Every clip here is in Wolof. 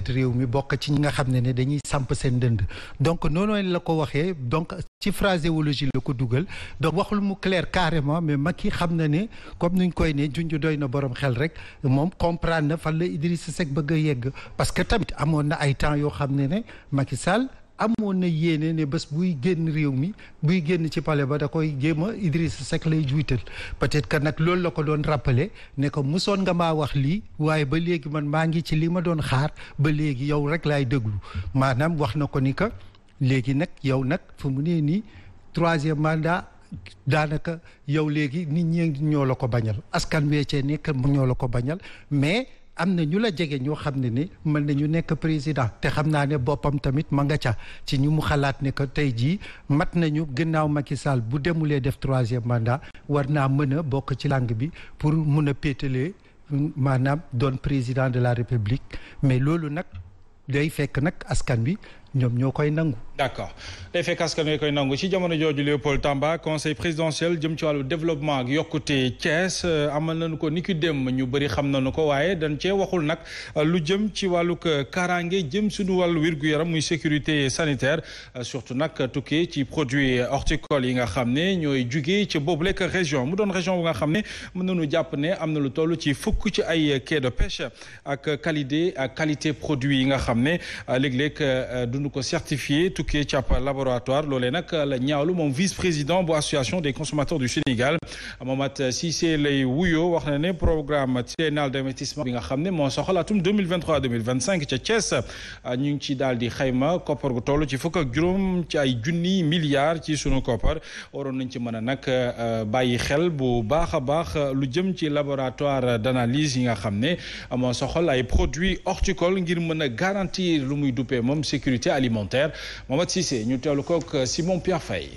peut être réew mi bokk ci ñi nga xam ne ne dañuy samp seen dënd donc noonu la ko waxee donc ci phraséologie la ko dugal donc waxul mu clair carrément mais Macky xam na ne comme nuñ koy ne junj doy na boroom xel rek moom comprendre na fan la Idrissa Seck bëgg a yegg parce que tamit amoon na ay temps yoo xam ne ma ki Sall amoon na yéene ne bés buy génn réew mi buy génn ci pale ba da koy jéem a Idrissa Seck lay juital peut-être que nag loolu la ko doon rappeler ne ko musoon nga maa wax lii waaye ba léegi man maa ngi ci li ma doon xaar ba léegi yow rek laay déglu maanaam wax na ko ni que léegi nag yow nag fu mu nee nii troisième mandat daanaka yow léegi nit ñi ñoo la ko bañal askan wee cee nekk ñoo la ko bañal mais. am na ñu la jege ñoo xam ne ni mën nañu nekk président te xam naa ne boppam tamit ma nga ca ci ñu mu xalaat ne que tey jii mat nañu gannaaw Macky Sall bu demulee def troisième mandat war naa mën a bokk ci langue bi pour mun a péetalee maanaam doon président de la république mais loolu nag day fekk nag askan bi ñoom ñoo koy nangu. d' accord les faits koy nangu ci jamono jooju Léopold Tamba conseil présidentiel jëm ci wàllu développement ak yokkute Thiès euh, amal nañu ko ni ki dem ñu bëri xam nañu ko waaye dañ cee waxul nag euh, lu jëm ci wàllug euh, kaaraange jëm suñu wàllu wirgu yaram muy sécurité sanitaire surtout nag tukki ci produit horticole yi nga xam ne ñooy jugee ci boobu lekk région mu doon région bu nga xam ne mën nañu jàpp ne am na lu toll ci fukk ci ay quai de pêche ak qualité ak qualité produit yi nga xam ne léeg duñu ko certifié tukkee ci ab laboratoire loolee nag la ñaawlu moom vice président bu association des consommateurs du Sénégal Mamat Cissé lay wuyoo wax na ne programme triennal d' bi nga xam ne moo soxal atum 2023 2025 ca Thiès ñu ci daal di xayma koppar gu toll ci fukk juróom ci ay junni milliards ci sunu koppar waroon ci mën a nag euh, bàyyi xel bu baax a baax lu jëm ci laboratoire d' analyse yi nga xam ne moo soxal ay produits horticoles ngir mën a garantir alimentaire Mohamed Cissé ñu teewlu kook euh, Simon Pierre Faye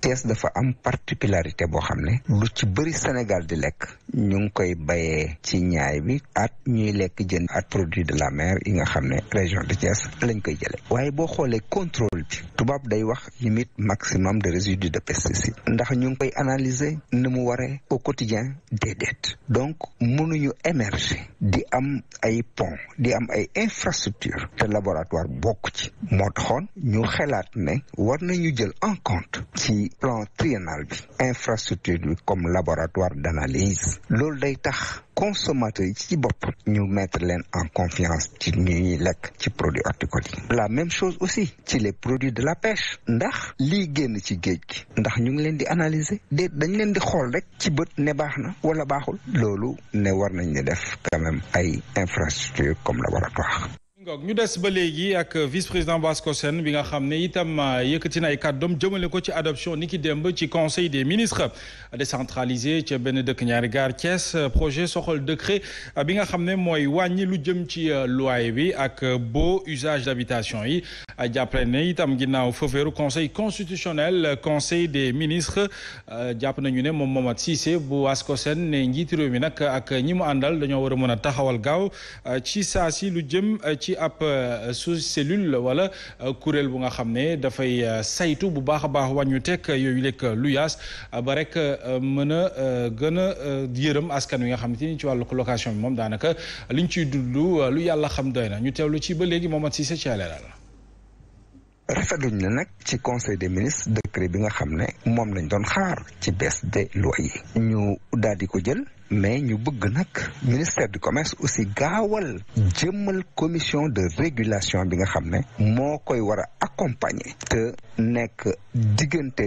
Thiès dafa am particularité boo xam ne lu ci bëri Sénégal di lekk ñu ngi koy bayee ci ñaay bi at ñuy lekk jën at produit de la mer yi nga xam ne région de Thiès lañ koy jële waaye boo xoolee contrôle bi tubaab day wax limite maximum de résidus de pesticides ndax ñu ngi koy analyser ni mu waree au quotidien déedéet donc mënuñu émerger di am ay pont di am ay infrastructure te laboratoire bokk ci moo taxoon ñu xelaat ne war nañu jël en ci ci plan triennal bi infrastructure bi comme laboratoire d'analyse loolu day tax consommateurs yi ci bopp ñu mettre leen en confiance ci ñuy lekk ci produit horticoles yi la même chose aussi ci les produits de la pêche ndax lii génn ci géej gi ndax ñu ngi leen di analyser déet dañu leen di xool rek ci bët ne baax na wala baaxul loolu ne war nañ ne def quand ay infrastructure comme laboratoire ngoog ñu des ba léegi ak vice président Basko Sène bi nga xam ne itam euh, yëkkati na ay kàddoom jëmale ko ci adoption ni ki démb ci conseil des ministres décentralisé ci benn dëkk ñaari gar Thiès euh, projet soxal décret euh, bi nga xam ne mooy wàññi lu jëm ci loyer bi ak beau usage d'habitation yi jàppale ne itam ginnaaw fëfeeru conseil constitutionnel conseil des ministres jàpp nañu ne moom moom Momat Cissé bu Basko Sène ne njiitu réew mi nag ak ñi mu àndal dañoo war a mën a taxawal gaaw ci ab euh, sous cellule wala euh, kuréel bu nga xam ne dafay euh, saytu bu baax a baax wàññu teg yooyu lekk lu yaas ba rek mën a gën a yërëm askan wi nga xamante ni ci wàllu location bi moom daanaka ñu ciy dund lu yàlla xam doy na ñu teewlu ci ba léegi Momadou Cissé ci leeral rafetluñ ne nag ci conseil des de décret bi nga xam ne moom lañ doon xaar ci baisse des loyers yi ñu daal di ko jël mais ñu bëgg nag ministère du commerce aussi gaawal jëmmal commission de régulation bi nga xam ne moo koy war a accompagner te nekk diggante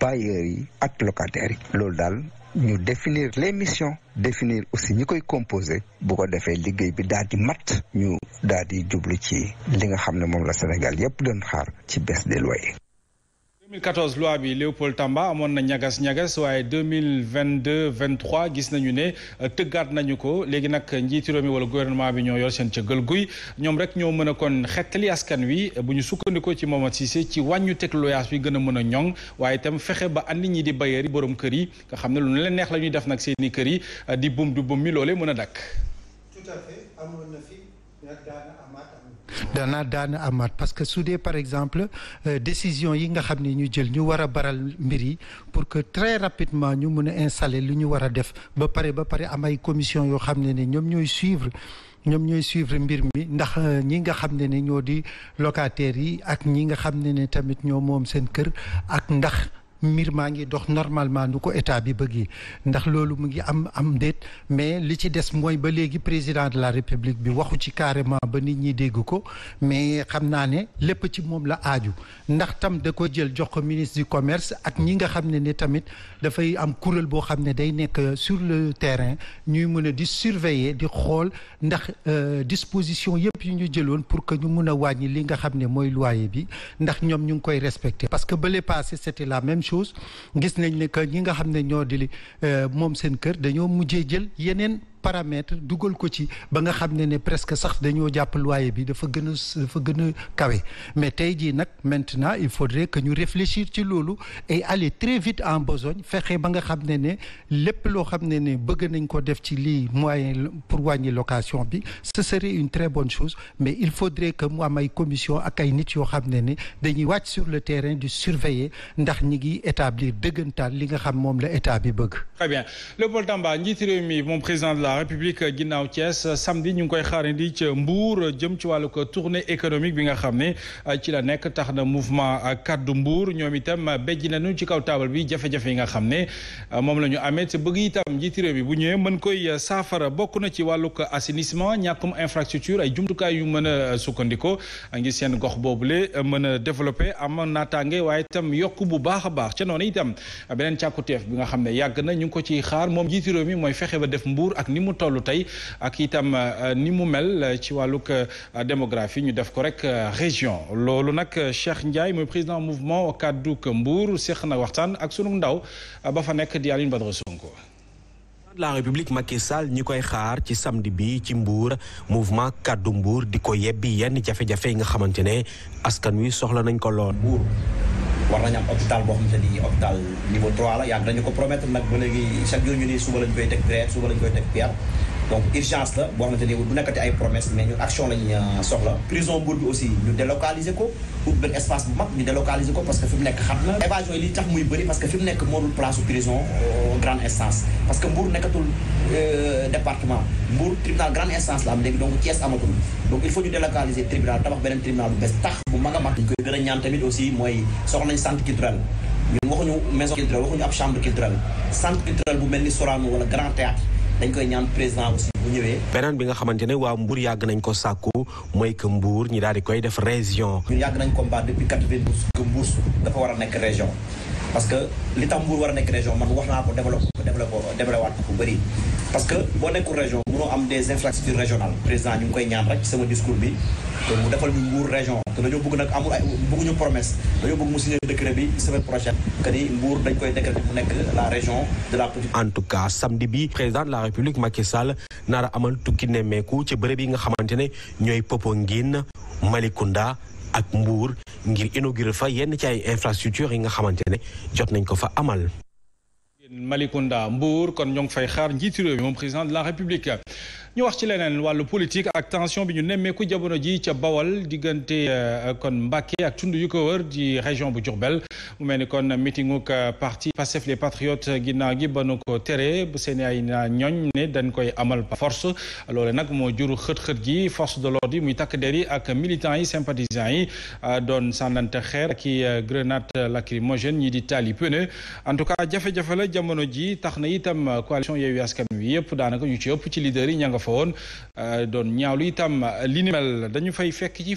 bailleurs yi ak locataires yi loolu daal ñu définir les missions definir aussi ñi koy composé bu ko defee liggéey bi daal di mat ñu daal di jublu ci li nga xam ne moom la Sénégal yëpp doon xaar ci baisse des loyers 2014 loi bi Léopold Tamba amoon na ñagas ñagas waaye 2022 23 gis nañu ne euh, tëggaat nañu ko léegi nag njiitu réew wala gouvernement bi ñoo yor seen cëggal guy ñoom rek ñoo mën a kon xettali askan wi bu ñu sukkandikoo ci Momar Cissé ci wàññu teg bi gën a mën a ñoŋ waaye itam fexe ba andi ñi di bayeeri boroom kër yi nga xam ne lu leen neex la ñuy def nag seeni kër yi euh, di bum du bum mi loole mën a dakk dana daana amaat parce que su dee par exemple euh, décision yi nga xam ne ñu jël ñu war a baral mbir yi pour que très rapidement ñu mun a installer lu ñu war a def ba pare ba pare am ay commission yoo xam ne ni ñoom ñooy suivre ñoom ñooy suivre mbir mi ndax euh, ñi nga xam ne ne ñoo di locataires yi ak ñi nga xam ne ni tamit ñoo moom seen kër ak ndax mbir maa ngi dox normalement nu ko état bi bëggee ndax loolu mu ngi am am déet mais li ci des mooy ba léegi président de la république bi waxu ci carrément ba nit ñi dégg ko mais xam naa ne lépp ci moom la aaju ndax tam da ko jël jox ko ministre du commerce ak ñi nga xam ne ne tamit dafay am kuréel boo xam ne day nekk sur le terrain ñuy mën a di surveiller di xool ndax euh, disposition yëpp yu ñu jëloon pour que ñu mun a wàññi li nga xam ne mooy loyer bi ndax ñoom ñu ngi koy respecté parce que bële chose gis nañ ne que ñi nga xam ne ñoo di li euh, moom seen kër dañoo mujjee jël yeneen paramètre dugal ko ci ba nga xam ne ne presque sax dañoo jàpp loyer bi dafa gën a dafa gën a kawe mais tey jii nag maintenant il faudrait que ñu réfléchir ci loolu et aller très vite en besogne fexe ba nga xam ne ne lépp loo xam ne ne bëgg nañ ko def ci lii moyen pour wàññi location bi ce serait une très bonne chose mais il faudrait que mu am ay commission ak ay nit yoo xam ne ne dañuy wàcc sur le terrain di surveiller ndax ñi ngi établir dëggantaan li nga xam moom la état bi bëgg. la République ginnaaw Thiès samedi ñu ngi koy xaar di ca Mbour jëm ci wàllu ko tournée économique bi nga xam ne euh, ci la nekk tax na mouvement ak euh, kaddu mbuur ñoom itam euh, bejj nañu ci kaw taabal bi jafe-jafe yi nga xam ne moom la ñu amee te bëgg itam njiiti réew bi bu ñëwee mën koy saafara bokk na ci wàllu ko assainissement ñàkkum infrastructure ay jumtukaay yu mën a sukkandiko ngir seen gox boobule mën a développé am naataange waaye tam yokk bu baax a baax ca noonu itam beneen càkkuteef bi nga xam ne yàgg na mu toll tey ak itam euh, ni mu mel euh, ci wàllug euh, démographie ñu def ko rek région loolu nag Cheikh Ndiaye mooy président mouvement kaddu Mbour seq na waxtaan ak sunu ndaw ba fa nekk di Aline Badara Sonko de la république Macky Sall ñi koy xaar ci samedi bi ci mbuur mouvement kaddu mbuur di ko yebbi yenn jafe-jafe yi nga xamante ne askan wi soxla nañ ko lool. war nañu am hôpital boo xamante ni hôpital niveau 3 la yàgg dañu ko promettre nag ba léegi chaque jour ñu ni suba lañ koy teg grêt suba lañ koy teg pierre donc urgence la boo xamante ni du nekkati ay promesse mais euh, aussi ñu délocaliser ko ut benn espace bu mag ñu délocaliser ko parce que fi mu nekk xam na évasion yi li tax muy bëri parce que fi mu nekk moodul place prison grande instance parce que Mbour nekkatul euh, département Mbour tribunal grande instance la am léegi donc Thiès amatul il faut ñu délocaliser tribunal tabax beneen tribunal bu tax bu mag a mag dañ koy gën a ñaan tamit aussi mooy soxla nañ centre culturel ñun waxuñu maison culturelle waxuñu ab chambre culturelle centre culturel bu mel ni Sorano wala grand théâtre dañ koy ñaan président aussi bu ñëwee. beneen bi nga xamante ne waa Mbour yàgg nañ ko sàkku mooy que mbuur ñi daal di koy def région. ñun yàgg nañ combat depuis quatre-vingt-douze que Mbour dafa war a nekk région parce que li tax Mbour war a nekk région man wax naa ko développé ko développé waat ko bu bëri. parce que boo nekkul région mënoo am des infrastructures régionales président ñu ngi koy ñaan rek ci sama discours bi te mu defal ñu mbuur région te dañoo bëgg nag amul ay bëgguñu promesse dañoo bëgg mu signé décret bi semaine prochaine que mbuur dañ koy décréter mu nekk la région de la petite en tout cas samedi bi président de la république Macky Sall nar a amal tukki nemmeeku ci bërëb yi nga xamante ne ñooy Popenguine Malicounda ak Mbour ngir inaugurer fa yenn ci ay infrastructures yi nga xamante ne jot nañ ko fa amal Malicounda Mbour kon ñoo ngi fay xaar njiitu réew mi président de la République ñu wax ci leneen wàllu politique ak tension bi ñu nemmeeku jamono ji ca Bawol diggante euh, kon Mbàkke ak tund yu ko wër di région bu Diourbel mu mel ni kon meetingu ak parti Pastef les patriotes ginnaaw gi ba nu ko tere bu seen ay ñoñ ne dañ koy amal par force loole nag moo juru xët-xët gi force de l'ordre yi muy takk der yi ak militants yi sympathisants yi euh, doon sànnante xeer ak i euh, grenade lacrymogène ñi di taali pneu en tout cas jafe-jafe la jamono ji tax na itam coalition Yewwi Askan Wi yëpp daanaka ñu ci ci leader yi ña fa woon euh, doon ñaawlu itam euh, li ni mel dañu fay fekk ci